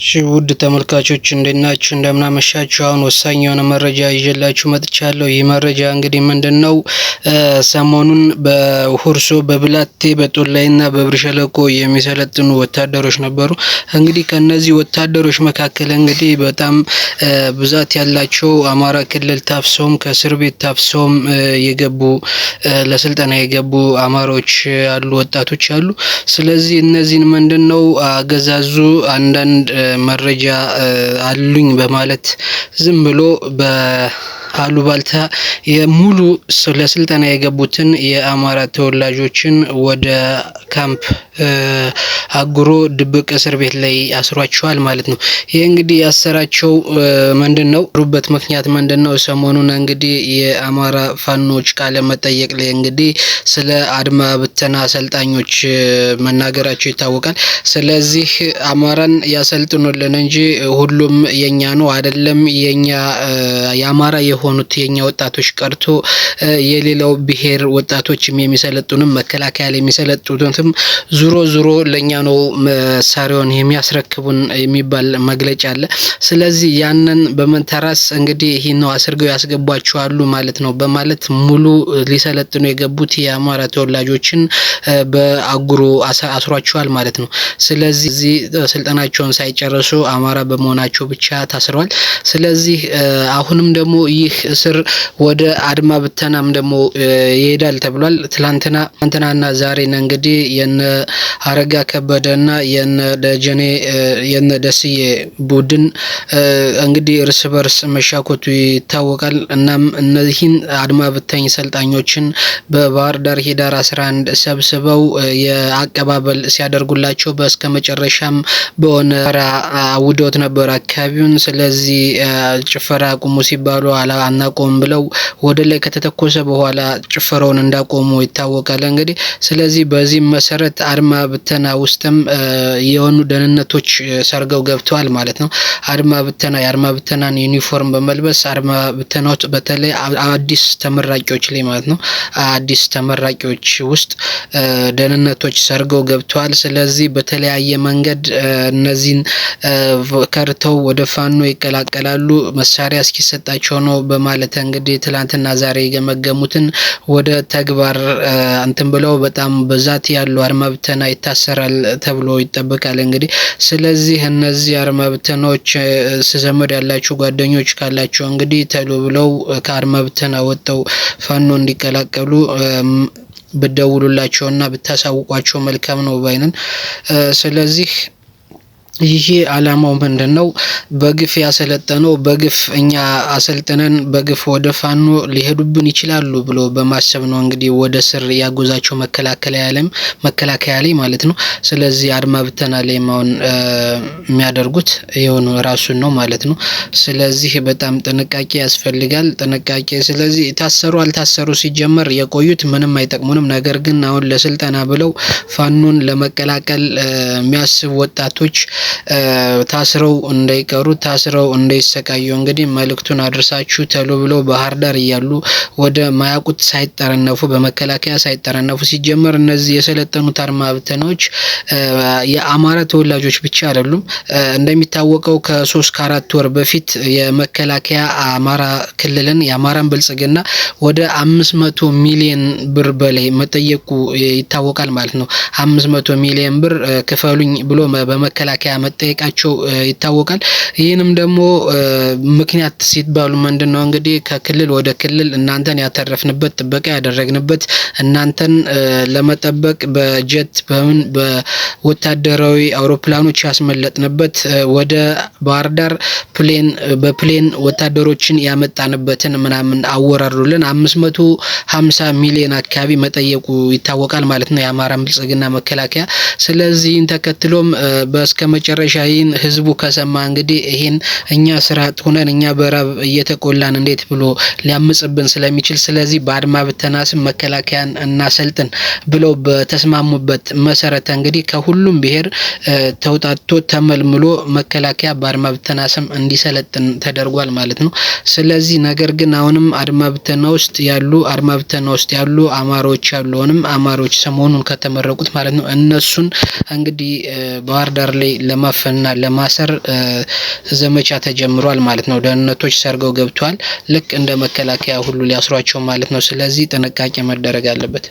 እሺ ውድ ተመልካቾች እንዴት ናችሁ? እንደምናመሻችሁ። አሁን ወሳኝ የሆነ መረጃ ይዤላችሁ መጥቻለሁ። ይህ መረጃ እንግዲህ ምንድን ነው? ሰሞኑን በሁርሶ በብላቴ በጦላይና በብር ሸለቆ የሚሰለጥኑ ወታደሮች ነበሩ። እንግዲህ ከነዚህ ወታደሮች መካከል እንግዲህ በጣም ብዛት ያላቸው አማራ ክልል ታፍሰውም ከእስር ቤት ታፍሰውም የገቡ ለስልጠና የገቡ አማሮች አሉ፣ ወጣቶች አሉ። ስለዚህ እነዚህን ምንድን ነው አገዛዙ አንዳንድ መረጃ አሉኝ በማለት ዝም ብሎ ባልታ የሙሉ ለስልጠና የገቡትን የአማራ ተወላጆችን ወደ ካምፕ አጉሮ ድብቅ እስር ቤት ላይ አስሯቸዋል ማለት ነው። ይህ እንግዲህ ያሰራቸው ምንድን ነው? ሩበት ምክንያት ምንድን ነው? ሰሞኑን እንግዲህ የአማራ ፋኖች ቃለ መጠየቅ ላይ እንግዲህ ስለ አድማ ብተና አሰልጣኞች መናገራቸው ይታወቃል። ስለዚህ አማራን ያሰልጥኑልን እንጂ ሁሉም የኛ ነው አይደለም። የኛ የአማራ የሆኑት የኛ ወጣቶች ቀርቶ የሌላው ብሔር ወጣቶችም የሚሰለጡንም መከላከያ ላይ የሚሰለጡትም ዙሮ ዙሮ ለእኛ ነው መሳሪያውን የሚያስረክቡን የሚባል መግለጫ አለ። ስለዚህ ያንን በመንተራስ እንግዲህ ይህን ነው አስርገው ያስገቧችኋሉ ማለት ነው በማለት ሙሉ ሊሰለጥኑ የገቡት የአማራ ተወላጆችን በአጉሮ አስሯቸዋል ማለት ነው። ስለዚህ ስልጠናቸውን ሳይጨርሱ አማራ በመሆናቸው ብቻ ታስረዋል። ስለዚህ አሁንም ደግሞ ይህ እስር ወደ አድማ ብተናም ደግሞ ይሄዳል ተብሏል። ትላንትና ትናንትናና ዛሬ ነ እንግዲህ የነ አረጋ ከበደና የነደጀኔ የነደስዬ ቡድን እንግዲህ እርስ በርስ መሻኮቱ ይታወቃል። እናም እነዚህን አድማ ብተኝ ሰልጣኞችን በባህር ዳር ሂዳር 11 ሰብስበው የአቀባበል ሲያደርጉላቸው በእስከ መጨረሻም በሆነ ራ አውዶት ነበር አካባቢውን። ስለዚህ ጭፈራ አቁሙ ሲባሉ አናቆም ብለው ወደ ላይ ከተተኮሰ በኋላ ጭፈራውን እንዳቆሙ ይታወቃል። እንግዲህ ስለዚህ በዚህ መሰረት አድማ ብተና ውስጥም የሆኑ ደህንነቶች ሰርገው ገብተዋል ማለት ነው። አድማ ብተና የአድማ ብተናን ዩኒፎርም በመልበስ አድማ ብተናዎች በተለይ አዲስ ተመራቂዎች ላይ ማለት ነው አዲስ ተመራቂዎች ውስጥ ደህንነቶች ሰርገው ገብተዋል። ስለዚህ በተለያየ መንገድ እነዚህን ከርተው ወደ ፋኖ ይቀላቀላሉ፣ መሳሪያ እስኪሰጣቸው ነው በማለት እንግዲህ ትላንትና ዛሬ የገመገሙትን ወደ ተግባር እንትን ብለው በጣም በዛት ያሉ አድማ ብተና ፈተና ይታሰራል ተብሎ ይጠበቃል። እንግዲህ ስለዚህ እነዚህ አርመብትኖች ዘመድ ያላቸው ጓደኞች ካላቸው እንግዲህ ተሎ ብለው ከአርመብትን አወጠው ፋኖ እንዲቀላቀሉ ብደውሉላቸውና ብታሳውቋቸው መልካም ነው ባይነን ስለዚህ ይሄ አላማው ምንድን ነው? በግፍ ያሰለጠነው በግፍ እኛ አሰልጥነን በግፍ ወደ ፋኖ ሊሄዱብን ይችላሉ ብሎ በማሰብ ነው እንግዲህ ወደ ስር ያጎዛቸው መከላከያ ላይ ማለት ነው። ስለዚህ አድማ ብተና ላይ ማሆን የሚያደርጉት የሆኑ ራሱን ነው ማለት ነው። ስለዚህ በጣም ጥንቃቄ ያስፈልጋል። ጥንቃቄ ስለዚህ ታሰሩ አልታሰሩ ሲጀመር የቆዩት ምንም አይጠቅሙንም። ነገር ግን አሁን ለስልጠና ብለው ፋኖን ለመቀላቀል የሚያስብ ወጣቶች ታስረው እንዳይቀሩ ታስረው እንዳይሰቃዩ እንግዲህ መልእክቱን አድርሳችሁ ተሎ ብለው ባህር ዳር እያሉ ወደ ማያቁት ሳይጠረነፉ በመከላከያ ሳይጠረነፉ ሲጀመር እነዚህ የሰለጠኑት አድማ ብተናዎች የአማራ ተወላጆች ብቻ አይደሉም። እንደሚታወቀው ከሶስት ከአራት ወር በፊት የመከላከያ አማራ ክልልን የአማራን ብልጽግና ወደ አምስት መቶ ሚሊየን ብር በላይ መጠየቁ ይታወቃል ማለት ነው። አምስት መቶ ሚሊየን ብር ክፈሉኝ ብሎ በመከላከያ መጠየቃቸው ይታወቃል። ይህንም ደግሞ ምክንያት ሲባሉ ምንድን ነው እንግዲህ ከክልል ወደ ክልል እናንተን ያተረፍንበት ጥበቃ ያደረግንበት እናንተን ለመጠበቅ በጀት በምን በወታደራዊ አውሮፕላኖች ያስመለጥንበት ወደ ባህር ዳር ፕሌን በፕሌን ወታደሮችን ያመጣንበትን ምናምን አወራርዱልን አምስት መቶ ሀምሳ ሚሊዮን አካባቢ መጠየቁ ይታወቃል ማለት ነው የአማራ ብልጽግና መከላከያ። ስለዚህን ተከትሎም በስከ መጨረሻ ይህን ህዝቡ ከሰማ እንግዲህ ይህን እኛ ስራ ሆነን እኛ በራብ እየተቆላን እንዴት ብሎ ሊያምጽብን ስለሚችል ስለዚህ በአድማ ብተናስም መከላከያን እናሰልጥን ብለው በተስማሙበት መሰረተ እንግዲህ ከሁሉም ብሔር ተውጣቶ ተመልምሎ መከላከያ አድማ ብተና ስም እንዲሰለጥን ተደርጓል ማለት ነው። ስለዚህ ነገር ግን አሁንም አድማ ብተና ውስጥ ያሉ አድማ ብተና ውስጥ ያሉ አማሮች ያሉንም አማሮች ሰሞኑን ከተመረቁት ማለት ነው እነሱን እንግዲህ ባህር ዳር ላይ ለማፈንና ለማሰር ዘመቻ ተጀምሯል ማለት ነው። ደህንነቶች ሰርገው ገብቷል። ልክ እንደ መከላከያ ሁሉ ሊያስሯቸው ማለት ነው። ስለዚህ ጥንቃቄ መደረግ አለበት።